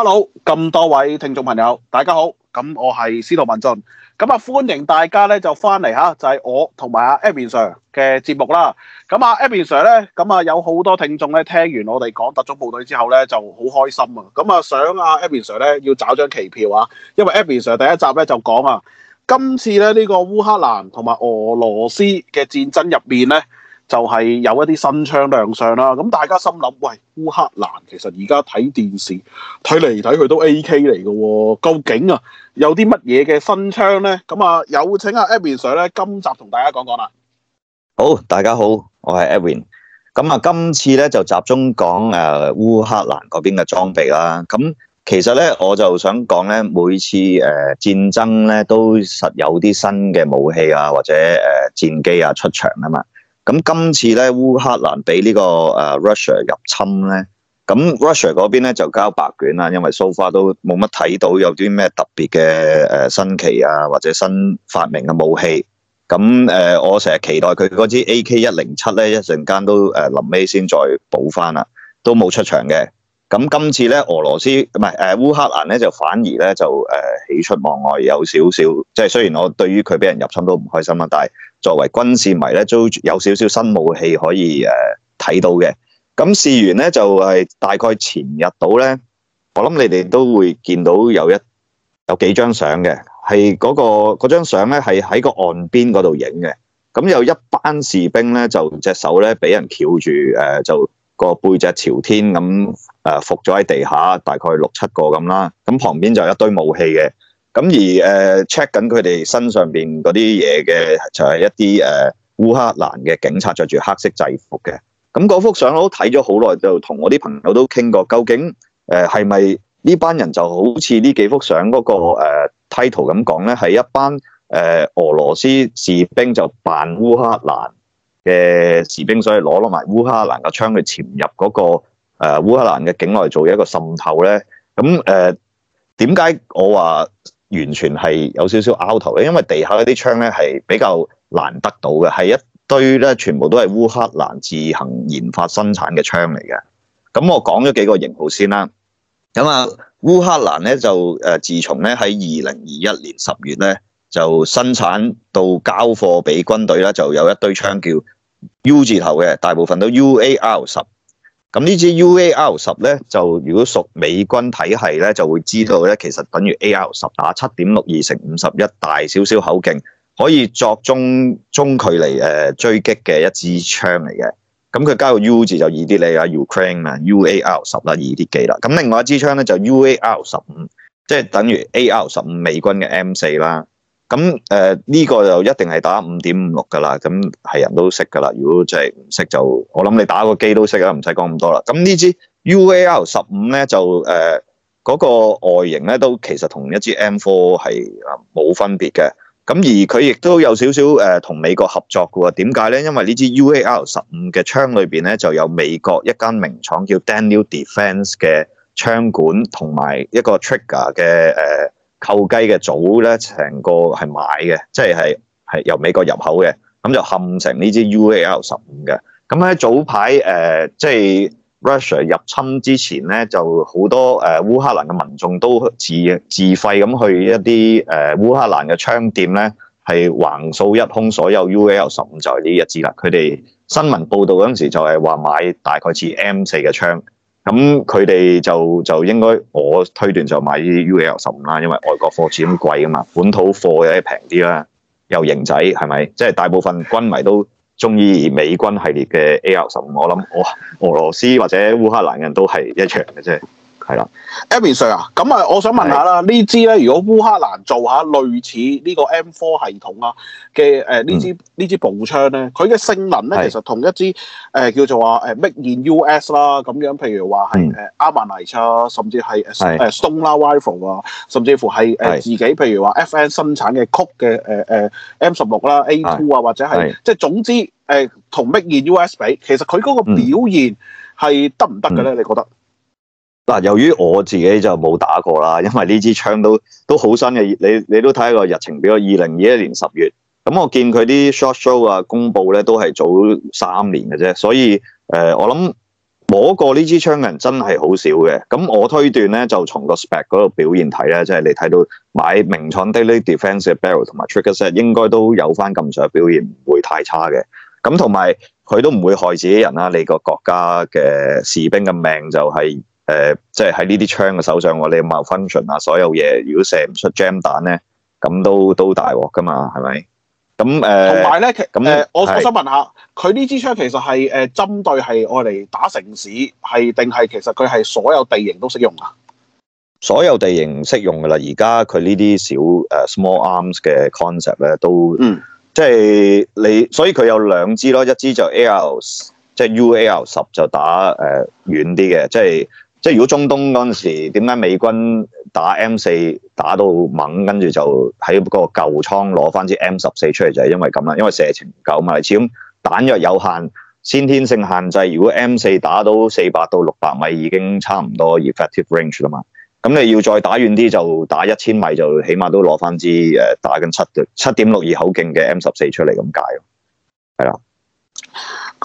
hello，咁多位聽眾朋友，大家好，咁我係司徒文進，咁啊歡迎大家咧就翻嚟吓，就係我同埋阿 Edwin Sir 嘅節目啦。咁阿 Edwin Sir 咧，咁啊有好多聽眾咧聽完我哋講特種部隊之後咧就好開心啊，咁啊想阿 Edwin Sir 咧要找張期票啊，因為 Edwin Sir 第一集咧就講啊，今次咧呢個烏克蘭同埋俄羅斯嘅戰爭入面咧。就係有一啲新槍亮相啦，咁大家心諗：喂，烏克蘭其實而家睇電視睇嚟睇去都 AK 嚟嘅喎，究竟啊！有啲乜嘢嘅新槍咧？咁啊，有請阿 Edwin Sir 咧，今集同大家講講啦。好，大家好，我係 Edwin。咁啊，今次咧就集中講誒烏克蘭嗰邊嘅裝備啦。咁其實咧，我就想講咧，每次誒、呃、戰爭咧都實有啲新嘅武器啊，或者誒、呃、戰機啊出場啊嘛。咁今次咧，烏克蘭俾呢、呢個、呃、Russia 入侵咧，咁 Russia 嗰邊咧就交白卷啦，因為 so far 都冇乜睇到有啲咩特別嘅、呃、新奇啊，或者新發明嘅武器。咁、呃、我成日期待佢嗰支 AK 一零七咧，一陣間都臨尾先再補翻啦，都冇出場嘅。咁今次咧，俄羅斯唔係、呃、烏克蘭咧，就反而咧就誒喜、呃、出望外，有少少即係雖然我對於佢俾人入侵都唔開心啦，但係作為軍事迷咧，都有少少新武器可以誒睇、呃、到嘅。咁事緣咧就係、是、大概前日到咧，我諗你哋都會見到有一有幾張相嘅，係嗰、那個嗰張相咧係喺個岸邊嗰度影嘅。咁有一班士兵咧就隻手咧俾人翹住誒、呃、就。個背脊朝天咁，誒伏咗喺地下，大概六七個咁啦。咁旁邊就一堆武器嘅。咁而誒 check 緊佢哋身上面嗰啲嘢嘅，就係一啲誒烏克蘭嘅警察着住黑色制服嘅。咁嗰幅相我都睇咗好耐，就同我啲朋友都傾過，究竟誒係咪呢班人就好似呢幾幅相嗰個 title 咁講咧，係一班誒俄羅斯士兵就扮烏克蘭？嘅士兵，所以攞攞埋烏克蘭嘅槍去潛入嗰、那個誒、呃、烏克蘭嘅境內做一個滲透咧，咁誒點解我話完全係有少少 out 頭咧？因為地下嗰啲槍咧係比較難得到嘅，係一堆咧，全部都係烏克蘭自行研發生產嘅槍嚟嘅。咁我講咗幾個型號先啦。咁啊烏克蘭咧就誒、呃、自從咧喺二零二一年十月咧。就生產到交貨俾軍隊啦，就有一堆槍叫 U 字頭嘅，大部分都 UAR 十。咁呢支 UAR 十咧，就如果屬美軍體系咧，就會知道咧，其實等於 AR 十打七點六二乘五十一大少少口徑，可以作中中距離、呃、追擊嘅一支槍嚟嘅。咁佢交到 U 字就二啲你啊 Ukraine 啊 UAR 十啦二啲幾啦。咁另外一支槍咧就 UAR 十五，15, 即係等於 AR 十五美軍嘅 M 四啦。咁誒呢個就一定係打五點五六噶啦，咁係人都識噶啦。如果真係唔識就，我諗你打個機都識啦，唔使講咁多啦。咁呢支 U A L 十五咧就誒嗰、呃嗰個外形咧都其實同一支 M 4係冇分別嘅。咁而佢亦都有少少誒同美國合作㗎喎。點解咧？因為呢支 U A L 十五嘅槍裏面咧就有美國一間名廠叫 Daniel Defense 嘅槍管同埋一個 trigger 嘅誒。呃購雞嘅組咧，成個係買嘅，即係係係由美國入口嘅，咁就冚成呢支 U L 十五嘅。咁喺早排、呃、即係 Russia 入侵之前咧，就好多誒、呃、烏克蘭嘅民眾都自自費咁去一啲誒、呃、烏克蘭嘅槍店咧，係橫掃一空所有 U L 十五就係呢一支啦。佢哋新聞報道嗰陣時就係話買大概似 M 四嘅槍。咁佢哋就就應該，我推斷就買啲 U L 十五啦，因為外國貨始終貴噶嘛，本土貨有啲平啲啦，又型仔，係咪？即係大部分軍迷都中意美軍系列嘅 A R 十五，我諗我、哦、俄羅斯或者烏克蘭人都係一樣嘅啫。係啦 Edwin Sir 啊，咁啊，我想問下啦，呢支咧，如果烏克蘭做下類似呢個 M4 系統啊嘅呢支呢支步槍咧，佢嘅性能咧，其實同一支叫做話誒 Made in US 啦，咁樣譬如話係誒 ArmaLite 啊，甚至係 Stoner 啦，Rifle 啊，甚至乎係自己譬如話 FN 生產嘅曲嘅誒嘅 M 十六啦，A Two 啊，或者係即係總之同 Made in US 比，其實佢嗰個表現係得唔得嘅咧？你覺得？嗱，由於我自己就冇打過啦，因為呢支槍都都好新嘅，你你都睇過日程表，二零二一年十月，咁我見佢啲 short show 啊，公布咧都係早三年嘅啫，所以誒、呃，我諗摸過呢支槍嘅人真係好少嘅。咁我推斷咧，就從個 spec 嗰度表現睇咧，即係你睇到買名廠啲呢 defensive barrel 同埋 trigger set，應該都有翻咁上下表現，唔會太差嘅。咁同埋佢都唔會害自己人啦，你個國家嘅士兵嘅命就係、是。誒、呃，即係喺呢啲槍嘅手上，你有冇 function 啊，所有嘢如果射唔出 jam 彈咧，咁都都大鑊噶嘛，係咪？咁誒，同埋咧，其誒、嗯、那我是我想問下，佢呢支槍其實係誒針對係我嚟打城市，係定係其實佢係所有地形都適用啊？所有地形適用噶啦，而家佢呢啲小誒、uh, small arms 嘅 concept 咧都，嗯、即係你，所以佢有兩支咯，一支就 L，即係 U L 十就打誒遠啲嘅，即係。即係如果中東嗰陣時點解美軍打 M 四打到猛，跟住就喺個舊倉攞翻支 M 十四出嚟就係因為咁啦，因為射程唔夠啊嘛，始終彈藥有限，先天性限制。如果 M 四打到四百到六百米已經差唔多 effective range 啦嘛，咁你要再打遠啲就打一千米就起碼都攞翻支誒打緊七七點六二口徑嘅 M 十四出嚟咁解咯，係啦。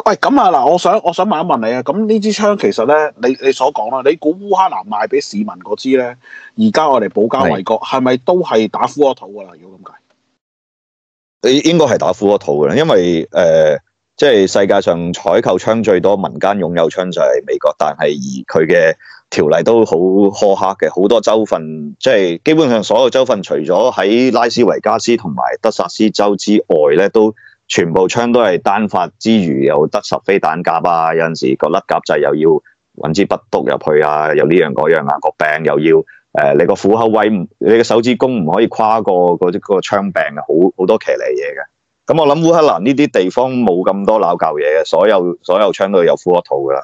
喂，咁啊嗱，我想我想問一問你啊，咁呢支槍其實咧，你你所講啦，你估烏克蘭賣俾市民嗰支咧，而家我哋保家衛國，係咪是都係打烏俄土噶啦？如果咁計，你應該係打烏俄土嘅，因為誒，即係世界上採購槍最多、民間擁有槍就係美國，但係而佢嘅條例都好苛刻嘅，好多州份，即係基本上所有州份，除咗喺拉斯維加斯同埋德薩斯州之外咧，都。全部槍都係單發之餘，又得十飛彈夾啊！有陣時個甩夾就又要揾支筆篤入去啊，又呢樣嗰樣啊，個柄又要、呃、你個虎口位，你個手指公唔可以跨過嗰、那、啲、個那個槍柄啊，好好多騎呢嘢嘅。咁我諗烏克蘭呢啲地方冇咁多攋舊嘢嘅，所有所有槍都係有 full 一套噶啦，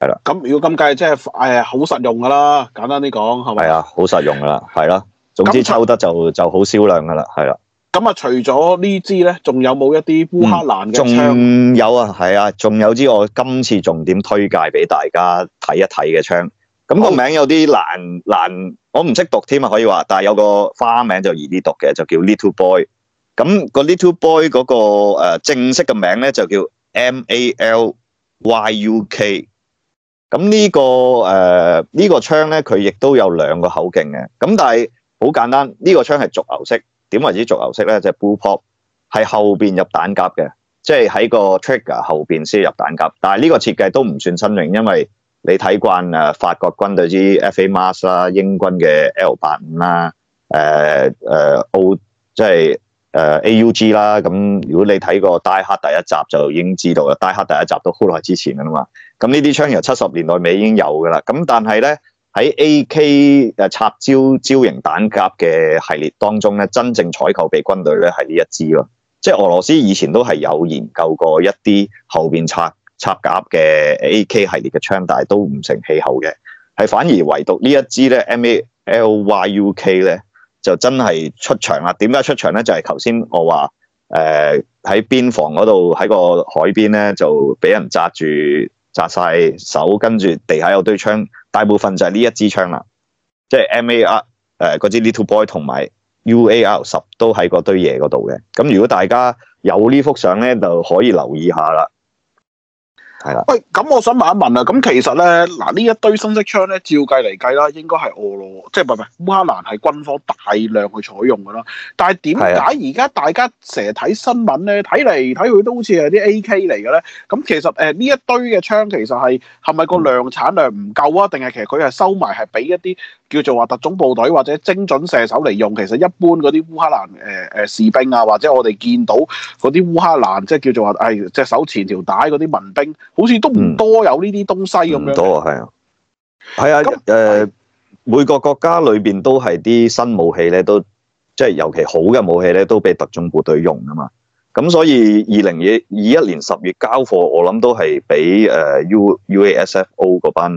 係啦。咁如果咁計，即係好、呃、實用噶啦，簡單啲講係咪啊？好實用噶啦，係啦。總之抽得就就好銷量噶啦，係啦。咁、嗯、啊，除咗呢支咧，仲有冇一啲烏克蘭嘅槍？仲有啊，係啊，仲有支我今次重點推介俾大家睇一睇嘅槍。咁、個名有啲難、哦、難，我唔識讀添啊，可以話，但係有個花名就易啲讀嘅，就叫 Little Boy。咁個 Little Boy 嗰、個、呃、正式嘅名咧就叫 Malyuk。咁呢、呢個誒呢、呃呢個槍咧，佢亦都有兩個口徑嘅。咁但係好簡單，呢、呢個槍係逐牛式。點為之足球式咧？就 bullpup 喺後面入彈夾嘅，即係喺個 trigger 後面先入彈夾。但係呢個設計都唔算新穎，因為你睇慣法國軍隊之 FAMAS 啦、英軍嘅 L 八五啦、誒、呃、o 歐即係 AUG 啦。咁、呃、如果你睇過 Die Hard 第一集就已經知道啦。Die Hard 第一集都好耐之前噶啦嘛。咁呢啲槍由七十年代尾已經有噶啦。咁但係咧。喺 A.K. 誒插招招焦形彈夾嘅系列當中咧，真正採購俾軍隊咧係呢是這一支咯。即係俄羅斯以前都係有研究過一啲後面插插夾嘅 A.K. 系列嘅槍，但係都唔成氣候嘅。係反而唯獨呢一支咧 M.A.L.Y.U.K. 咧就真係出場啦。點解出場咧？就係頭先我話誒喺邊防嗰度，喺個海邊咧就俾人紮住紮晒手，跟住地下有堆槍。大部分就係呢一支槍啦，即係 M A R 誒嗰支 Little Boy 同埋 U A L 十都喺嗰堆嘢嗰度嘅。咁如果大家有呢幅相呢，就可以留意下啦。係啦，喂，咁我想問一問啊，咁其實咧，嗱呢一堆新式槍咧，照計嚟計啦，應該係俄羅，即係唔係烏克蘭係軍火大量去採用㗎啦。但係點解而家大家成日睇新聞咧，睇嚟睇去都好似係啲 A.K. 嚟嘅咧？咁其實呢一堆嘅槍其實係係咪個量產量唔夠啊？定係其實佢係收埋係俾一啲叫做話特種部隊或者精準射手嚟用？其實一般嗰啲烏克蘭誒、呃、士兵啊，或者我哋見到嗰啲烏克蘭即係叫做話係隻手持條帶嗰啲民兵。好似都唔多有呢啲東西咁唔、嗯、多啊，係啊，係啊那，誒、呃、每個國家裏面都係啲新武器咧，都即係尤其好嘅武器咧，都俾特種部隊用啊嘛。咁所以二零二一年十月交貨，我諗都係俾誒 U UASF O 嗰班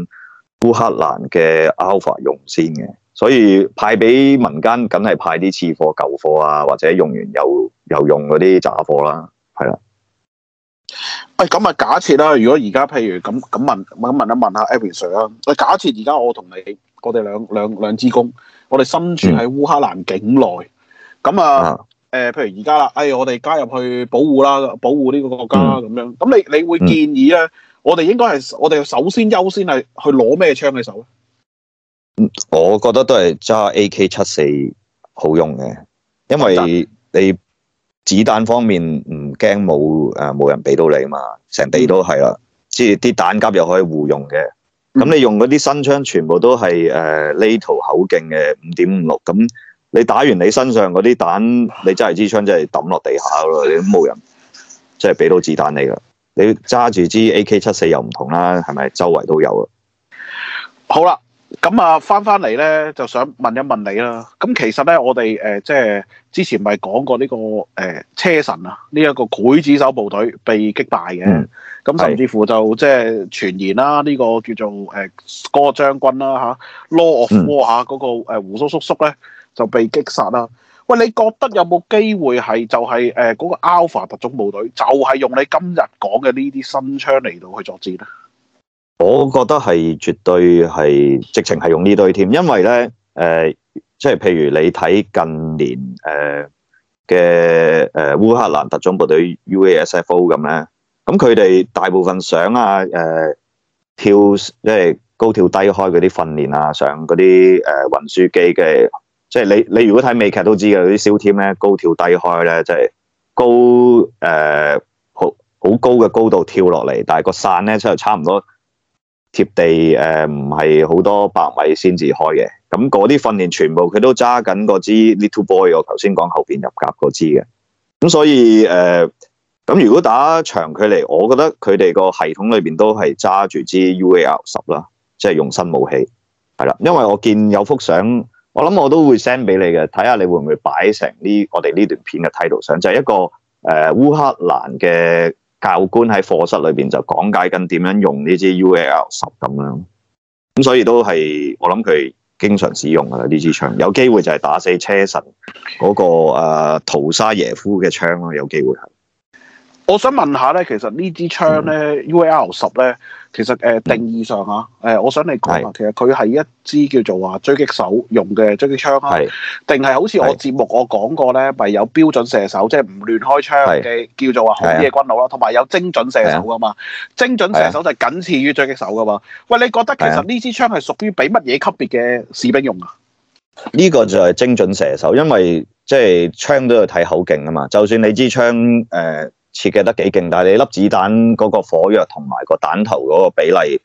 烏克蘭嘅 Alpha 用先嘅。所以派俾民間，梗係派啲次貨舊貨啊，或者用完又又用嗰啲雜貨啦，係啦、啊。喂，咁啊、哎，假設啦，如果而家譬如咁咁問，咁問一問一下 Edwin Sir 啦，喂，假設而家我同你，我哋兩兩兩支公，我哋身處喺烏克蘭境內，咁啊，誒、啊呃，譬如而家啦，哎，我哋加入去保護啦，保護呢個國家啦，咁、嗯、樣，咁你你會建議咧，我哋應該係我哋首先優先係去攞咩槍嘅手咧？我覺得都係揸 AK 七四好用嘅，因為你。子彈方面唔驚冇誒冇人俾到你啊嘛，成地都係啦，即係啲彈夾又可以互用嘅。咁、嗯、你用嗰啲新槍，全部都係呢、呃、NATO 口徑嘅五點五六。咁你打完你身上嗰啲彈，你揸支槍真係抌落地下咯，你都冇人，即係俾到子彈你啦。你揸住支 AK-74 又唔同啦，係咪？周圍都有啊。好啦。咁啊，翻翻嚟咧，就想問一問你啦。咁其實咧，我哋誒，即、呃、係之前咪講過呢、這個誒、呃、車臣啊，呢、這、一個劊子手部隊被擊敗嘅。咁、嗯、甚至乎就即係是的 傳言啦、啊，呢、這個叫做誒個、呃、將軍啦、啊、吓，Law of War 吓嗰、啊嗯、個誒胡叔叔叔咧就被擊殺啦。喂，你覺得有冇機會係就係誒嗰個 Alpha 特種部隊就係用你今日講嘅呢啲新槍嚟到去作戰咧？我覺得係絕對係直情係用呢堆添，因為咧誒、即、呃、係、就是，譬如你睇近年誒嘅誒烏克蘭特種部隊 UASF o 咁咧，咁佢哋大部分想啊誒、呃、跳即係、就是、高跳低開嗰啲訓練啊，上嗰啲誒運輸機嘅，即、呃、係、就是、你你如果睇美劇都知嘅，嗰啲小添咧高跳低開咧，即、呃、係高誒好好高嘅高度跳落嚟，但係個傘咧真係差唔多。貼地誒唔係好多百米先至開嘅，咁嗰啲訓練全部佢都揸緊嗰支 little boy，我頭先講後邊入夾嗰支嘅，咁所以誒，咁、呃、如果打長距離，我覺得佢哋個系統裏邊都係揸住支 U A L 十啦，10, 即係用新武器，係啦，因為我見有幅相，我諗我都會 send 俾你嘅，睇下你會唔會擺成呢我哋呢段片嘅題頭相就係、是、一個誒烏、呃、克蘭嘅。教官喺課室裏邊就講解緊點樣用呢支 U L 十咁樣，咁所以都係我諗佢經常使用嘅啦呢支槍，有機會就係打死車臣嗰、那個誒屠殺耶夫嘅槍咯，有機會係。我想問一下咧，其實這呢支槍咧 U L 十咧。其實誒定義上嚇，誒我想你講啊，其實佢係一支叫做話狙擊手用嘅狙擊槍啊，定係好似我節目我講過咧，咪有標準射手，即係唔亂開槍嘅，叫做話好嘢軍佬啦，同埋有精準射手噶嘛，精準射手就僅次於狙擊手噶嘛。喂，你覺得其實呢支槍係屬於俾乜嘢級別嘅士兵用啊？呢個就係精準射手，因為即係槍都要睇口徑啊嘛，就算你支槍誒。設計得幾勁，但係你粒子彈嗰個火藥同埋個彈頭嗰個比例，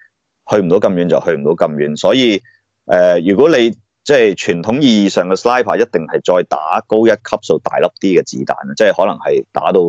去唔到咁遠就去唔到咁遠。所以誒、呃，如果你即係傳統意義上嘅 sniper 一定係再打高一級數大粒啲嘅子彈，即係可能係打到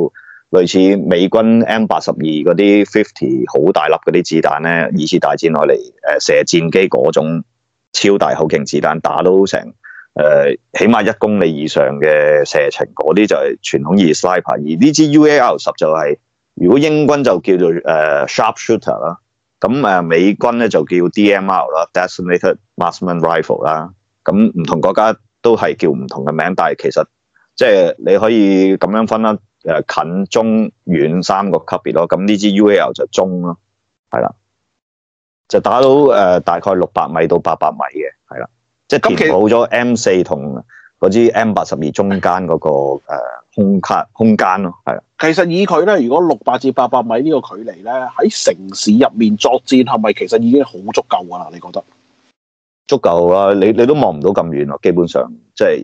類似美軍 M 八十二嗰啲 fifty 好大粒嗰啲子彈咧，二次大戰落嚟誒射戰機嗰種超大口徑子彈，打到成。誒、呃，起碼一公里以上嘅射程，嗰啲就係傳統二 sniper 而呢支 UAL 十就係、是、如果英軍就叫做誒、呃、sharpshooter 啦，咁誒、呃、美軍咧就叫 D M R 啦 designated marksman rifle 啦，咁唔同國家都係叫唔同嘅名，但係其實即係、就是、你可以咁樣分啦，誒、呃、近、中、遠三個級別咯，咁呢支 UAL 就中咯，係啦，就打到誒、呃、大概六百米到八百米嘅，係啦。即係填補咗 M 四同嗰支 M 八十二中間嗰個誒空間空間咯，係啊。其實以佢咧，如果六百至八百米呢個距離咧，喺城市入面作戰，係咪其實已經好足夠噶啦？你覺得足夠啦、啊？你你都望唔到咁遠咯。基本上即係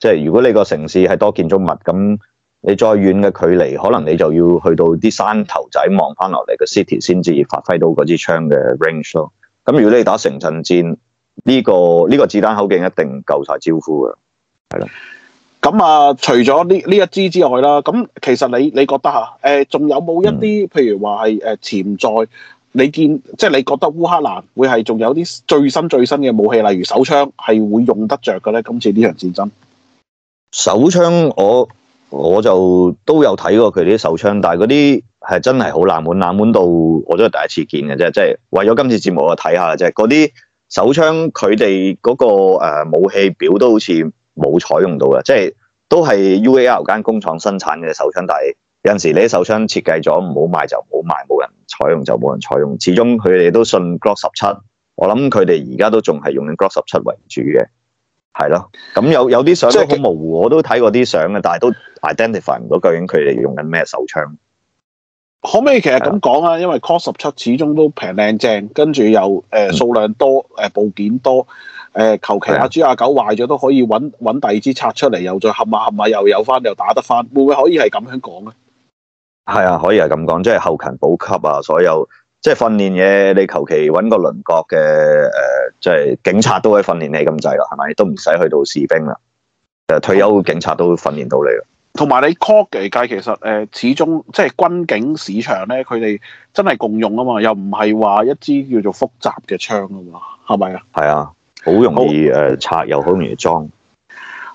即係，就是、如果你個城市係多建築物，咁你再遠嘅距離，可能你就要去到啲山頭仔望翻落嚟嘅 city 先至發揮到嗰支槍嘅 range 咯。咁如果你打城鎮戰，呢、這個呢、這個子彈口徑一定夠晒招呼嘅，係咯。咁啊，除咗呢呢一支之外啦，咁其實你你覺得吓，誒，仲有冇一啲，譬如話係誒，潛在你見，即係你覺得烏克蘭會係仲有啲最新最新嘅武器，例如手槍，係會用得着嘅咧？今次呢場戰爭，手槍我我就都有睇過佢啲手槍，但係嗰啲係真係好冷門，冷門到我都係第一次見嘅啫，即係為咗今次節目我睇下啫，嗰啲。手槍佢哋嗰個、呃、武器表都好似冇採用到嘅，即係都係 UAL 間工廠生產嘅手槍。但係有陣時候你啲手槍設計咗唔好賣就唔好賣，冇人採用就冇人採用。始終佢哋都信 Glock 十七，我諗佢哋而家都仲係用緊 Glock 十七為主嘅，係咯。咁有有啲相都好模糊，以我都睇過啲相嘅，但係都 identify 唔到究竟佢哋用緊咩手槍。可唔可以其實咁講啊？因為 Cost 十七始終都平靚正，跟住又誒數、呃、量多，誒、呃、部件多，誒求其阿 G 阿狗壞咗都可以揾第二支拆出嚟，又再合埋合埋又有翻，又打得翻，會唔會可以係咁樣講咧？係啊，可以係咁講，即係後勤補給啊，所有即係訓練嘢，你求其揾個輪國嘅誒，即、呃、係、就是、警察都可以訓練你咁滯啦，係咪？都唔使去到士兵啦，誒、呃、退休警察都訓練到你。同埋你 call 嚟界其實誒、呃、始終即係軍警市場咧，佢哋真係共用啊嘛，又唔係話一支叫做複雜嘅槍啊嘛，係咪啊？係啊，好容易誒拆，好又好容易裝。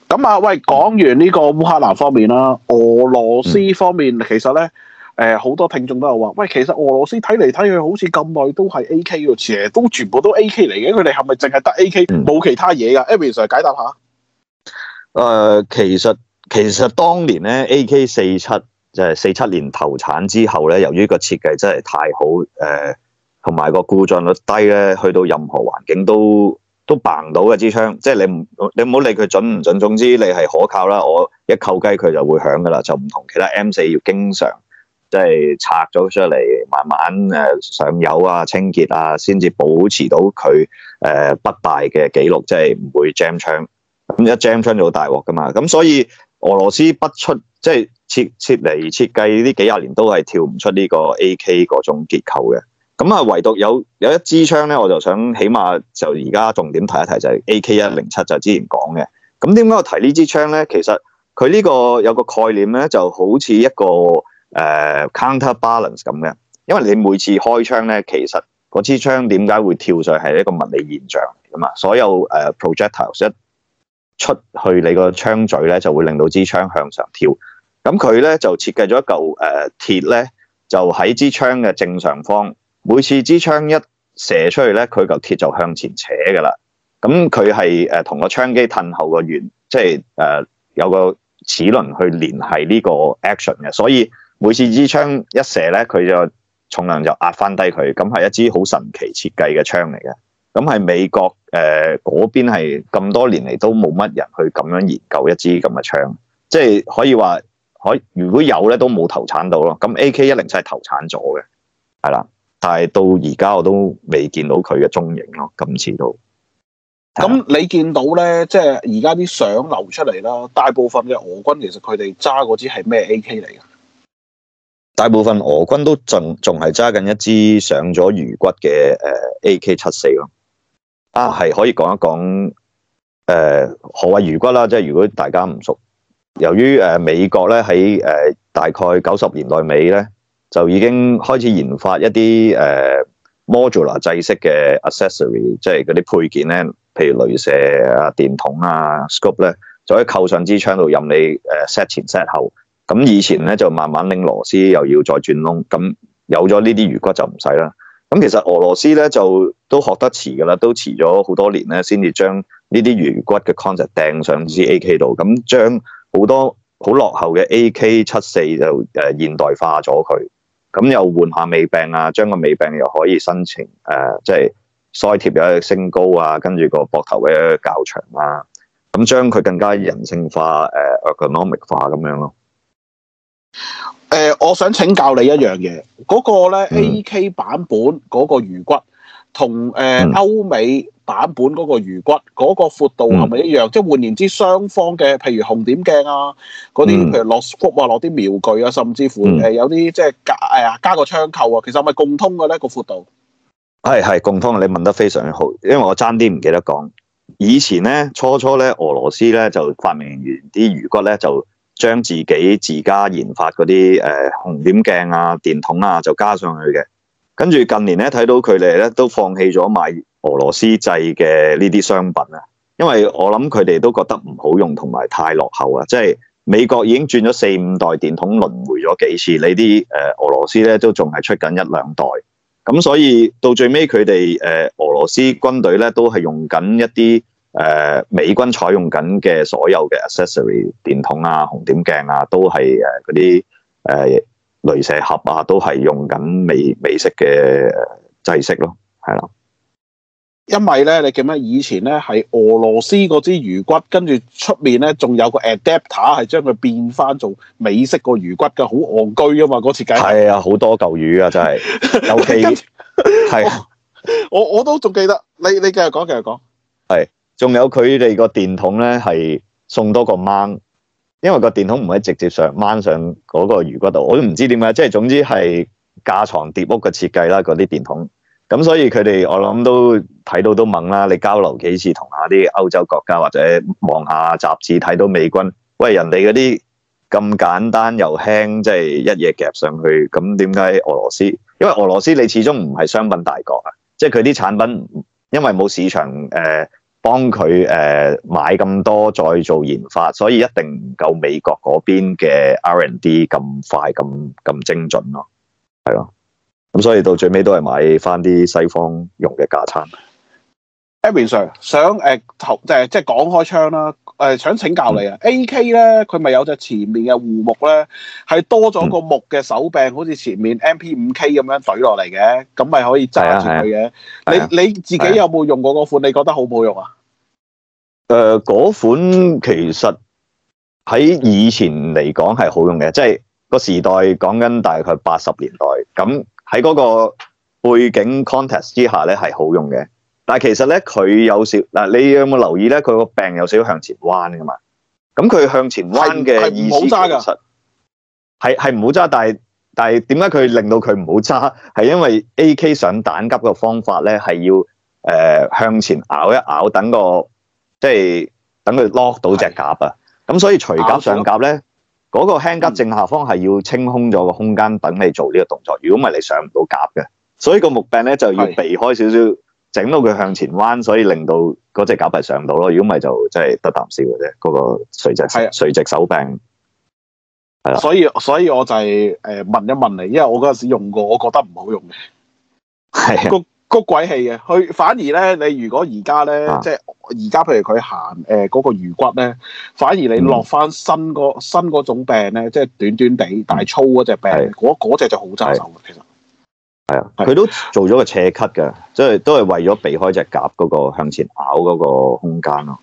咁、嗯、啊，喂，講完呢個烏克蘭方面啦，俄羅斯方面其實咧，誒、呃、好多聽眾都有話，喂，其實俄羅斯睇嚟睇去，好似咁耐都係 A K 喎，其實都全部都 A K 嚟嘅，佢哋係咪淨係得 A K，冇其他嘢噶？Edwin 嚟解答下。誒、呃，其實。其實當年咧，AK 四七就係四七年投產之後咧，由於個設計真係太好，誒、呃，同埋個故障率低咧，去到任何環境都都掹到嘅支槍，即係你唔你唔好理佢準唔準，總之你係可靠啦。我一扣雞佢就會響噶啦，就唔同其他 M 四要經常即係拆咗出嚟，慢慢誒上油啊、清潔啊，先至保持到佢誒、呃、不敗嘅紀錄，即係唔會 jam 槍。咁一 jam 槍就好大鑊噶嘛，咁所以。俄羅斯不出即係設設嚟設計呢幾廿年都係跳唔出呢個 AK 嗰種結構嘅。咁啊，唯獨有有一支槍咧，我就想起碼就而家重點提一提，就係、是、AK 一零七就之前講嘅。咁點解我提呢支槍咧？其實佢呢個有個概念咧，就好似一個、呃、counterbalance 咁嘅。因為你每次開槍咧，其實嗰支槍點解會跳上係一個物理現象㗎嘛。所有 projectiles。呃 Projectiles, 出去你個槍嘴咧，就會令到支槍向上跳。咁佢咧就設計咗一嚿誒、呃、鐵咧，就喺支槍嘅正上方。每次支槍一射出去咧，佢嚿鐵就向前扯㗎啦。咁佢係誒同個槍機褪後個圓，即係誒有個齒輪去連繫呢個 action 嘅。所以每次支槍一射咧，佢就重量就壓翻低佢。咁係一支好神奇設計嘅槍嚟嘅。咁係美國誒嗰、呃、邊係咁多年嚟都冇乜人去咁樣研究一支咁嘅槍，即係可以話可以如果有咧都冇投產到咯。咁 A.K. 一零七係投產咗嘅，係啦，但係到而家我都未見到佢嘅蹤影咯，今次都。咁你見到咧，即係而家啲相流出嚟啦，大部分嘅俄軍其實佢哋揸嗰支係咩 A.K. 嚟嘅？大部，大部分俄軍都仲仲係揸緊一支上咗魚骨嘅誒、呃、A.K. 七四咯。啊，係可以講一講，誒、呃，何謂魚骨啦、啊？即係如果大家唔熟，由於誒、呃、美國咧喺誒大概九十年代尾咧就已經開始研發一啲誒、呃、modular 制式嘅 accessory，即係嗰啲配件咧，譬如鐳射啊、電筒啊、scope 咧，就可以扣上支槍度任你誒 set、呃、前 set 後。咁以前咧就慢慢擰螺絲，又要再轉窿，咁有咗呢啲魚骨就唔使啦。咁其實俄羅斯咧就都學得遲㗎啦，都遲咗好多年咧，先至將呢啲魚骨嘅 concept 掟上支 AK 度，咁將好多好落後嘅 AK 七四就誒現代化咗佢，咁又換下尾柄啊，將個尾柄又可以申請誒，即、呃、係、就是、腮貼有升高啊，跟住個膊頭嘅較長啊。咁將佢更加人性化誒、呃、ergonomic 化咁樣咯。誒、呃，我想請教你一樣嘢，嗰、那個咧、嗯、AK 版本嗰個魚骨，同誒、呃嗯、歐美版本嗰個魚骨嗰個闊度係咪一樣？嗯、即係換言之，雙方嘅譬如紅點鏡啊，嗰啲、嗯、譬如落幅啊，落啲瞄具啊，甚至乎誒、嗯呃、有啲即係加誒啊、呃、加個槍扣啊，其實係咪共通嘅咧個闊度？係係共通，你問得非常好，因為我爭啲唔記得講。以前咧初初咧俄羅斯咧就發明完啲魚骨咧就。將自己自家研發嗰啲誒紅點鏡啊、電筒啊，就加上去嘅。跟住近年咧，睇到佢哋咧都放棄咗買俄羅斯製嘅呢啲商品啊，因為我諗佢哋都覺得唔好用同埋太落後啊。即係美國已經轉咗四五代電筒，輪迴咗幾次，呢啲誒俄羅斯咧都仲係出緊一兩代。咁所以到最尾佢哋誒俄羅斯軍隊咧都係用緊一啲。誒、呃，美軍採用緊嘅所有嘅 accessory 電筒啊、紅點鏡啊，都係誒嗰啲誒鐳射盒啊，都係用緊美美式嘅制式咯，係啦。因為咧，你記唔記得以前咧係俄羅斯嗰支魚骨，跟住出面咧仲有個 adapter 係將佢變翻做美式個魚骨嘅，好戇居啊嘛，嗰設計係啊，好多舊魚啊，真係有氣，係。我我都仲記得，你你繼續講，繼續講，係。仲有佢哋個，個電筒咧，係送多個掹，因為個電筒唔係直接上掹上嗰個魚骨度，我都唔知點解。即係總之係架床疊屋嘅設計啦，嗰啲電筒。咁所以佢哋我諗都睇到都猛啦。你交流幾次同下啲歐洲國家，或者望下雜誌睇到美軍，喂人哋嗰啲咁簡單又輕，即係一夜夾上去，咁點解俄羅斯？因為俄羅斯你始終唔係商品大國啊，即係佢啲產品因為冇市場誒。呃幫佢誒、呃、買咁多再做研發，所以一定唔夠美國嗰邊嘅 R&D 咁快咁咁精準咯，係咯，咁所以到最尾都係買翻啲西方用嘅架撐。Edwin Sir 想誒、呃、投誒即係講開槍啦，誒、呃、想請教你啊，A K 咧佢咪有隻前面嘅護木咧，係多咗個木嘅手柄，好似、嗯、前面 M P 五 K 咁樣懟落嚟嘅，咁咪可以揸住佢嘅。啊啊、你、啊、你自己有冇用過嗰款？你覺得好唔好用啊？誒，嗰、呃、款其實喺以前嚟講係好用嘅，即係個時代講緊大概八十年代。咁喺嗰個背景 context 之下咧係好用嘅。但係其實咧佢有少嗱，呃，你有冇留意咧？佢個柄有少少向前彎噶嘛咁佢向前彎嘅意思好其實係係唔好揸，但係但係點解佢令到佢唔好揸？係因為 A.K. 上彈夾嘅方法咧係要誒、呃、向前咬一咬，等個。即係等佢 lock 到隻夾的啊，咁所以除夾上夾咧，嗰的個輕夾正下方係要清空咗個空間，等你做呢個動作。如果唔係，你上唔到夾嘅。所以個木柄咧就要避開少少，整的到佢向前彎，所以令到嗰隻夾係上到咯。如果唔係就真係得啖笑嘅啫。嗰、那個垂直垂的直手柄係啦。的的所以所以我就係、是、誒、呃、問一問你，因為我嗰陣時用過，我覺得唔好用嘅。係谷鬼氣嘅佢反而咧，你如果而家咧，即係而家，譬如佢行誒嗰個魚骨咧，反而你落翻新嗰新種病咧，即係短短地大粗嗰隻病，嗰嗰隻就好揸手。其實係啊，佢都做咗個斜 cut 嘅，即係都係為咗避開只甲嗰個向前咬嗰個空間咯。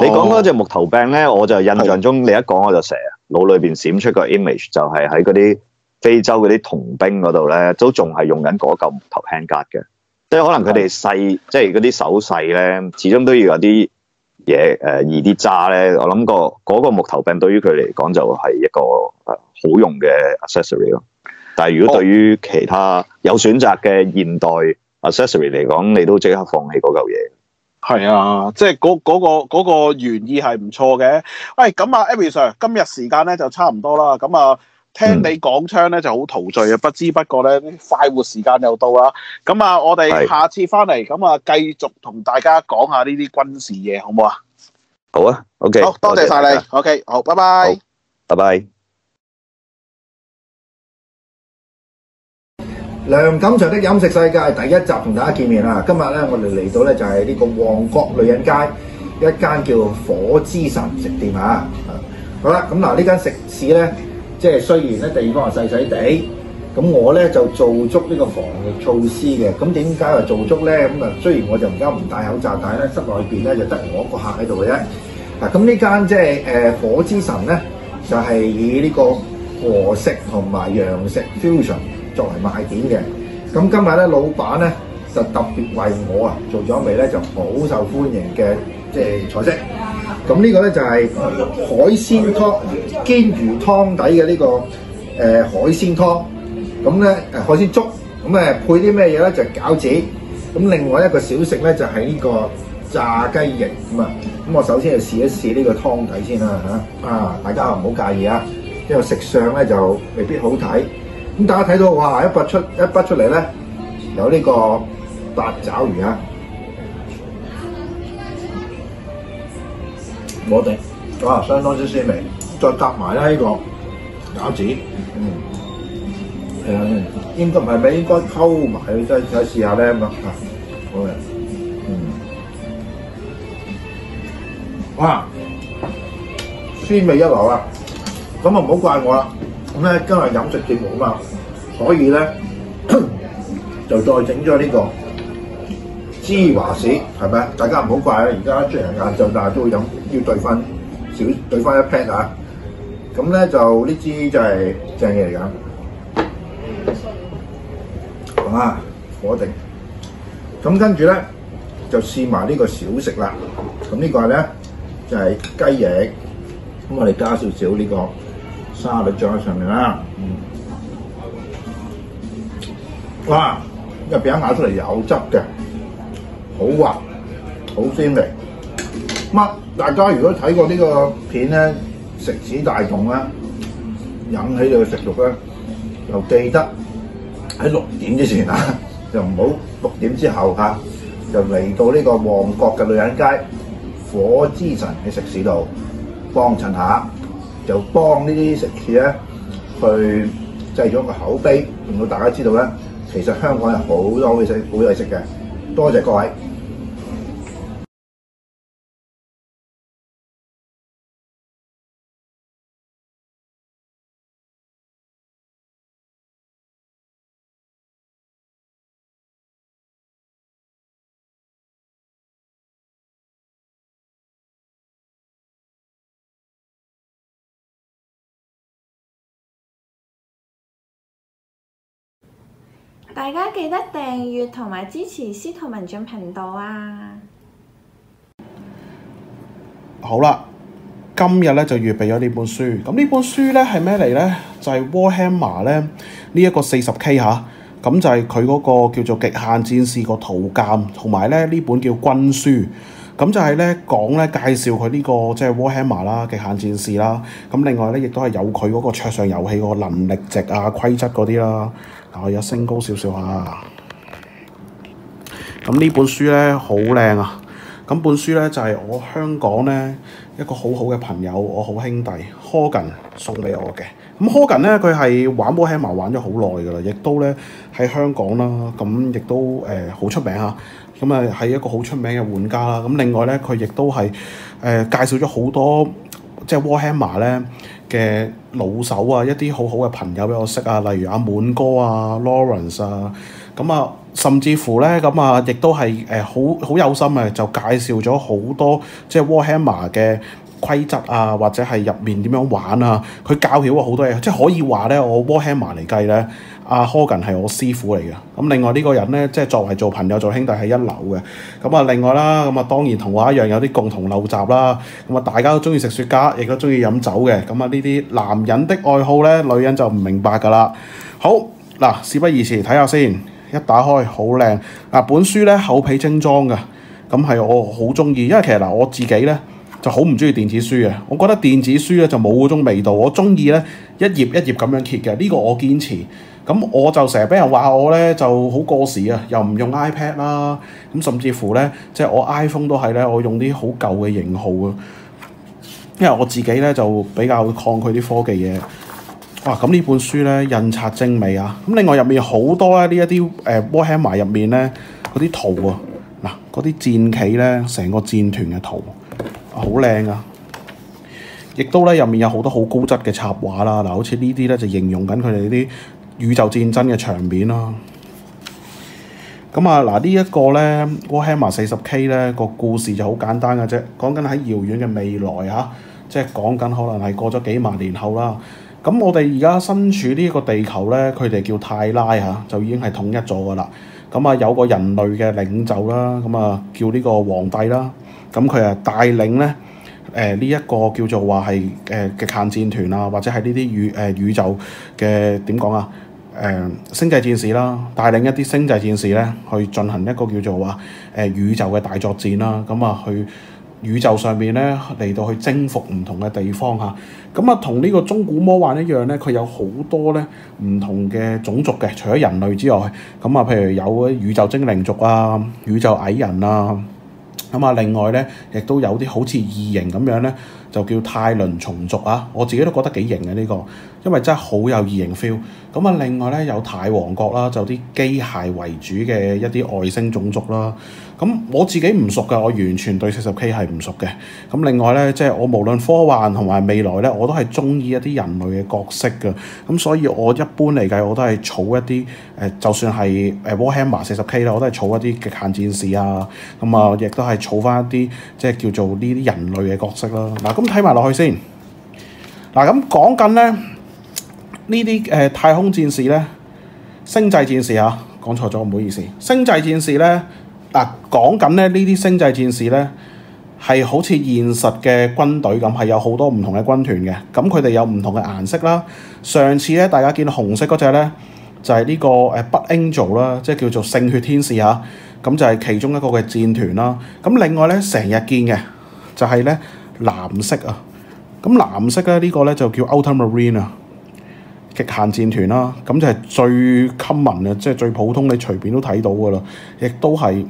你講嗰隻木頭柄咧，我就印象中你一講我就成日腦裏邊閃出個 image，就係喺嗰啲非洲嗰啲銅兵嗰度咧，都仲係用緊嗰嚿木頭鉛夾嘅。即係可能佢哋細，即係嗰啲手勢咧，始終都要有啲嘢誒易啲揸咧。我諗過嗰個木頭柄對於佢嚟講就係一個好用嘅 accessory 咯。但係如果對於其他有選擇嘅現代 accessory 嚟講，哦、你都即刻放棄嗰嚿嘢。係啊，即係嗰、嗰個、嗰個嗰個原意係唔錯嘅。喂、哎，咁啊 Edwin Sir，今日時間咧就差唔多啦。咁啊。聽你講槍咧就好陶醉啊！不知不覺咧，快活時間又到啦。咁啊，我哋下次翻嚟，咁啊，繼續同大家講下呢啲軍事嘢，好唔好啊？好啊，OK。好多謝晒你，OK。好，拜拜。拜拜。梁錦祥的飲食世界第一集同大家見面啦。今日咧，我哋嚟到咧就係呢個旺角女人街一間叫火之神食店啊。好啦，咁嗱，呢間食肆咧。即係雖然咧，地方係細細地，咁我咧就做足呢個防疫措施嘅。咁點解話做足咧？咁啊，雖然我就而家唔戴口罩，但係咧室內邊咧就得我一個客喺度嘅啫。嗱，咁呢間即係誒火之神咧，就係以呢個和食同埋洋食 fusion 作為賣點嘅。咁今日咧，老闆咧就特別為我啊做咗一味咧，就好受歡迎嘅即係菜式。咁、這個呃、呢個咧就係海鮮湯，鮮魚湯底嘅呢個海鮮湯，咁咧海鮮粥，咁配啲咩嘢咧？就餃、是、子，咁另外一個小食咧就係、是、呢個炸雞翼咁啊！咁我首先就試一試呢個湯底先啦啊大家唔好介意啊，因為食相咧就未必好睇。咁大家睇到哇一筆出一筆出嚟咧，有呢個八爪魚啊！我哋哇，相當之鮮味，再搭埋咧呢個餃子，嗯，係啊的，應該唔係咩？應該溝埋，真再試下咧嘛，好啊，嗯，哇，鮮味一流啊，咁啊唔好怪我啦，咁咧今日飲食節目啊嘛，所以咧就再整咗呢個芝華士，係咪大家唔好怪啊！而家出嚟晏晝，但係都會飲。要對翻少對翻一 pack 啊！咁咧就呢支就係正嘢嚟㗎。嗯，信。好啦，火定。咁跟住咧就試埋呢個小食啦。咁呢個咧就係、係、雞翼。咁我哋加少少呢個沙律醬喺上面啦、啊。嗯。哇、啊！呢個餅咬出嚟有汁嘅，好滑，好鮮味。乜？大家如果睇過呢個片咧，食肆大眾啦，引起你嘅食欲，咧，就記得喺六點之前啊，就唔好六點之後吓，就嚟到呢個旺角嘅女人街火之神嘅食肆度幫襯下，就幫呢啲食肆咧去製咗個口碑，令到大家知道咧，其實香港有好多好嘢食，好嘢食嘅，多謝各位。大家記得訂閱同埋支持司徒文進頻道啊！好啦，今日咧就預備咗呢本書。咁呢本書咧係咩嚟咧？就係、是、Warhammer 咧呢一、這個四十 K 吓、啊。咁就係佢嗰個叫做極限戰士個圖鑑，同埋咧呢本叫軍書。咁就係咧講咧介紹佢呢、這個即係、就是、Warhammer 啦，極限戰士啦。咁另外咧亦都係有佢嗰個桌上遊戲個能力值啊、規則嗰啲啦。嗱，而家升高少少下。咁呢本書咧好靚啊！咁本書咧就係、是、我香港咧一個好好嘅朋友，我好兄弟 Hogan 送俾我嘅。咁 Hogan 咧佢係玩 Warhammer 玩咗好耐噶啦，亦都咧喺香港啦，咁亦都好、呃、出名嚇。咁啊係一個好出名嘅玩家啦。咁另外咧佢亦都係、呃、介紹咗好多即係 Warhammer 咧。嘅老手啊，一啲好好嘅朋友俾我識啊，例如阿滿哥啊、Lawrence 啊，咁啊，甚至乎咧，咁啊，亦都係、啊、好好有心啊，就介紹咗好多即係 Warhammer 嘅。就是 War 規則啊，或者係入面點樣玩啊？佢教曉我好多嘢，即係可以話咧，我 Warhammer 嚟計咧，阿 Hogan 係我師傅嚟嘅。咁另外呢個人咧，即係作為做朋友做兄弟係一流嘅。咁啊，另外啦，咁啊當然同我一樣有啲共同陋習啦。咁啊，大家都中意食雪茄，亦都中意飲酒嘅。咁啊，呢啲男人的愛好咧，女人就唔明白㗎啦。好嗱，事不宜遲，睇下先。一打開好靚啊！本書咧厚皮精裝嘅，咁係我好中意，因為其實嗱我自己咧。就好唔中意電子書啊。我覺得電子書咧就冇嗰種味道。我中意咧一頁一頁咁樣揭嘅，呢個我堅持。咁我就成日俾人話我咧就好過時啊，又唔用 iPad 啦，咁甚至乎咧即係我 iPhone 都係咧，我用啲好舊嘅型號啊。因為我自己咧就比較抗拒啲科技嘢。哇！咁呢本書咧印刷精美啊，咁另外入面好多咧呢一啲誒 Warhammer 入面咧嗰啲圖啊，嗱嗰啲戰旗咧，成個戰團嘅圖。好靚啊！亦都咧入面有好多好高質嘅插畫啦，嗱，好似呢啲咧就形容緊佢哋啲宇宙戰爭嘅場面啦。咁啊，嗱、啊這個、呢一個咧《Warhammer 四十 K》咧個故事就好簡單嘅啫，講緊喺遙遠嘅未來嚇、啊，即係講緊可能係過咗幾萬年後啦。咁我哋而家身處呢個地球咧，佢哋叫泰拉嚇、啊，就已經係統一咗噶啦。咁啊，有個人類嘅領袖啦，咁啊叫呢個皇帝啦。咁佢啊，帶領咧，呢、呃、一、這個叫做話係極限戰團啊，或者係呢啲宇宇宙嘅點講啊，星際戰士啦，帶領一啲星際戰士咧去進行一個叫做話、呃、宇宙嘅大作戰啦，咁、嗯、啊去宇宙上面咧嚟到去征服唔同嘅地方嚇。咁啊，同呢個中古魔幻一樣咧，佢有好多咧唔同嘅種族嘅，除咗人類之外，咁、嗯、啊，譬如有啲宇宙精靈族啊，宇宙矮人啊。咁啊，另外咧，亦都有啲好似異形咁樣咧。就叫泰倫蟲族啊！我自己都覺得幾型嘅呢個，因為真係好有異形 feel。咁啊，另外咧，有泰王國啦，就啲機械為主嘅一啲外星種族啦。咁我自己唔熟嘅，我完全對四十 K 係唔熟嘅。咁另外咧，即係我無論科幻同埋未來咧，我都係中意一啲人類嘅角色嘅。咁所以我一般嚟計，我都係儲一啲誒，就算係誒 Warhammer 四十 K 啦，我都係儲一啲極限戰士啊。咁啊，亦都係儲返一啲即係叫做呢啲人類嘅角色啦。咁睇埋落去先嗱，咁講緊咧呢啲誒太空戰士咧，星際戰士嚇，講錯咗唔好意思。星際戰士咧嗱，講緊咧呢啲星際戰士咧，係好似現實嘅軍隊咁，係有好多唔同嘅軍團嘅。咁佢哋有唔同嘅顏色啦。上次咧，大家見紅色嗰隻咧就係呢個誒 Blood Angel 啦，即係叫做聖血天使嚇，咁就係其中一個嘅戰團啦。咁另外咧，成日見嘅就係咧。藍色啊，咁藍色咧呢個咧就叫 Ultramarine 啊，極限戰團啦，咁就係最 common 啊，即係最普通，的，就是最普通的，你隨便都睇到噶啦，亦都係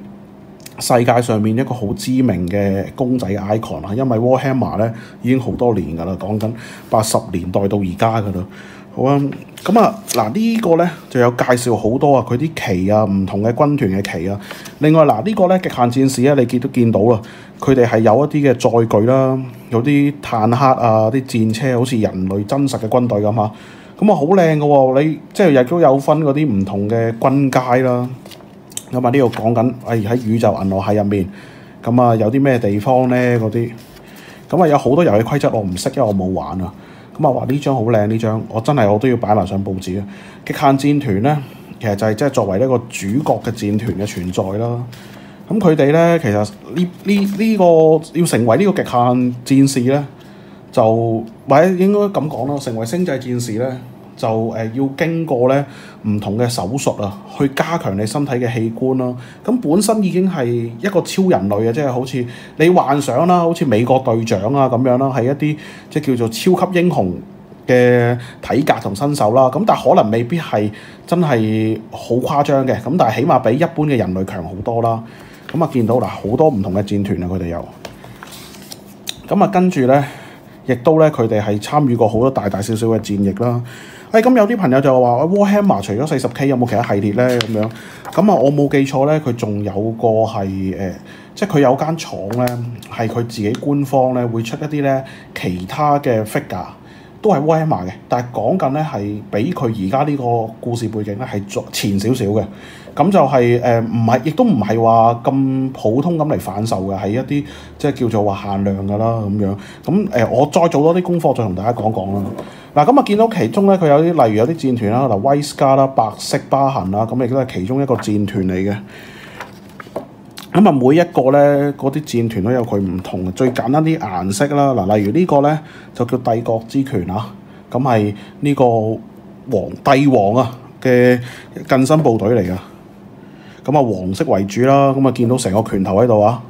世界上面一個好知名嘅公仔 icon 啊，因為 Warhammer 咧已經好多年噶啦，講緊八十年代到而家噶啦。好啊，咁啊，嗱呢個咧就有介紹好多啊，佢啲旗啊，唔同嘅軍團嘅旗啊。另外嗱呢個咧極限戰士咧，你見都見到啦，佢哋係有一啲嘅載具啦，有啲坦克啊，啲戰車，好似人類真實嘅軍隊咁嚇。咁啊好靚嘅喎，你即係亦都有分嗰啲唔同嘅軍階啦。咁啊呢度講緊，誒喺宇宙銀河系入面，咁啊有啲咩地方咧嗰啲，咁啊有好多遊戲規則我唔識，因為我冇玩啊。咁啊話呢張好靚呢張，我真係我都要擺埋上報紙啊！極限戰團咧，其實就係即係作為一個主角嘅戰團嘅存在啦。咁佢哋咧，其實呢呢呢個要成為呢個極限戰士咧，就或者應該咁講囉，成為星際戰士咧。就誒要經過咧唔同嘅手術啊，去加強你身體嘅器官咯。咁本身已經係一個超人類啊，即係好似你幻想啦，好似美國隊長啊咁樣啦，係一啲即係叫做超級英雄嘅體格同身手啦。咁但可能未必係真係好誇張嘅，咁但係起碼比一般嘅人類強好多啦。咁啊，見到嗱好多唔同嘅戰團啊，佢哋有咁啊，跟住咧亦都咧，佢哋係參與過好多大大小小嘅戰役啦。咁、哎、有啲朋友就話，Warhammer 除咗四十 K 有冇其他系列呢？咁樣，咁啊我冇記錯呢，佢仲有個係、呃、即係佢有間廠呢，係佢自己官方呢會出一啲呢其他嘅 figure 都係 Warhammer 嘅，但係講緊呢，係比佢而家呢個故事背景呢係早前少少嘅，咁就係唔係，亦、呃、都唔係話咁普通咁嚟反售嘅，係一啲即係叫做話限量㗎啦咁樣。咁、呃、我再做多啲功課，再同大家講講啦。嗱咁啊，見到其中咧，佢有啲例如有啲戰團啦，嗱，威斯加啦，白色疤痕啦，咁亦都係其中一個戰團嚟嘅。咁啊，每一個咧，嗰啲戰團都有佢唔同嘅。最簡單啲顏色啦，嗱，例如這個呢個咧就叫帝國之拳啊，咁係呢個皇帝王啊嘅近身部隊嚟嘅。咁啊，黃色為主啦，咁啊，見到成個拳頭喺度啊，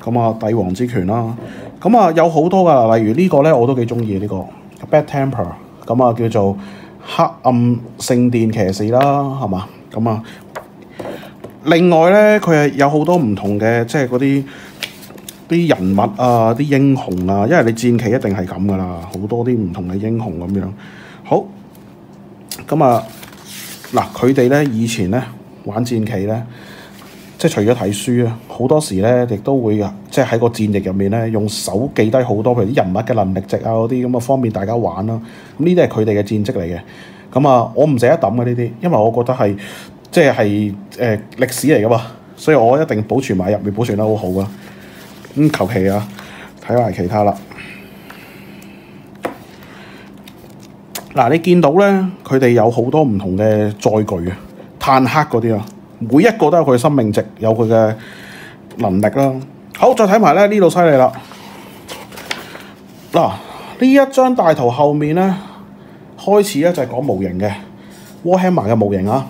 咁啊，帝王之拳啦，咁啊，有好多噶，例如這個呢個咧，我都幾中意呢個。Bad temper，咁啊叫做黑暗聖殿騎士啦，係嘛，咁啊，另外咧佢啊有好多唔同嘅，即係嗰啲啲人物啊，啲英雄啊，因為你戰棋一定係咁噶啦，好多啲唔同嘅英雄咁樣。好，咁啊，嗱佢哋咧以前咧玩戰棋咧。即係除咗睇書啊，好多時咧亦都會即係喺個戰役入面咧，用手記低好多，譬如啲人物嘅能力值啊，嗰啲咁啊，方便大家玩啦。咁呢啲係佢哋嘅戰績嚟嘅。咁啊，我唔捨得抌啊呢啲，因為我覺得係即係係誒歷史嚟嘅嘛，所以我一定保存埋入面，保存得好好啊。咁求其啊，睇埋其他啦。嗱，你見到咧，佢哋有好多唔同嘅載具啊，坦克嗰啲啊。每一個都有佢嘅生命值，有佢嘅能力啦。好，再睇埋咧呢度犀利啦。嗱，呢、啊、一張大圖後面咧，開始咧就係講模型嘅，Warhammer 嘅模型啊。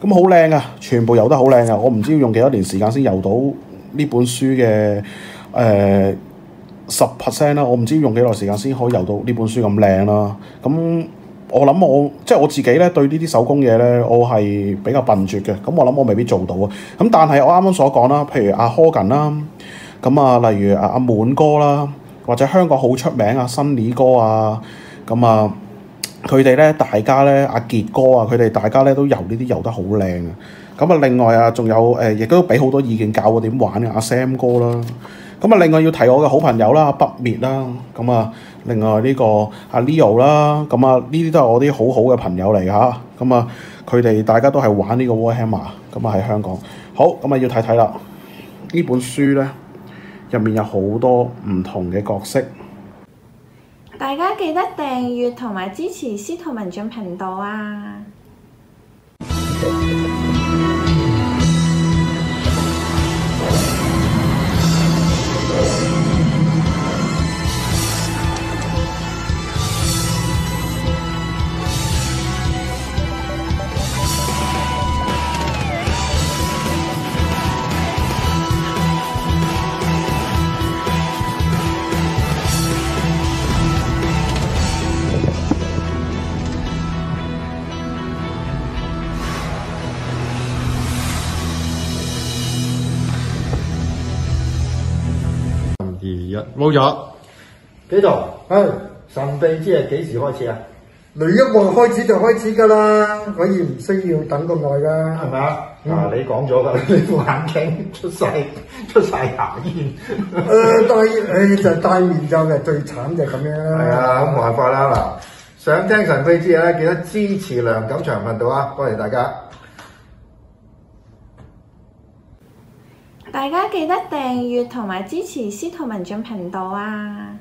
咁好靚啊，全部遊得好靚、呃、啊。我唔知要用幾多年時間先遊到呢本書嘅誒十 percent 啦。我唔知要用幾耐時間先可以遊到呢本書咁靚啦。咁。我諗我即係我自己咧，對呢啲手工嘢咧，我係比較笨拙嘅。咁我諗我未必做到啊。咁但係我啱啱所講啦，譬如阿、啊、Hogan 啦，咁啊，例如啊阿滿哥啦，或者香港好出名啊 Sunny 哥啊，咁啊，佢哋咧，大家咧，阿、啊、傑哥啊，佢哋大家咧都遊呢啲遊得好靚啊。咁啊，另外啊，仲有誒，亦都俾好多意見教我點玩啊阿 Sam 哥啦。咁啊，另外要提我嘅好朋友啦，北滅啦，咁啊，另外呢、這個阿、啊、Leo 啦，咁啊，呢啲都係我啲好好嘅朋友嚟吓，咁啊，佢哋大家都係玩呢個 Warhammer，咁啊喺香港，好，咁啊要睇睇啦，呢本書呢，入面有好多唔同嘅角色，大家記得訂閱同埋支持司徒文進頻道啊。冇咗幾度？神秘之夜幾時開始啊？雷一旺開始就開始㗎啦，我亦唔需要等咁耐㗎，係咪你講咗㗎，你副眼鏡出晒 出晒牙煙，誒、呃，戴、 哎、就戴、是、面罩嘅最慘就咁樣，係係啊，咁冇辦法啦嗱，想聽神秘之夜呢，記得支持梁錦祥頻道啊，多謝，謝大家。大家記得訂閱同埋支持司徒文進頻道啊！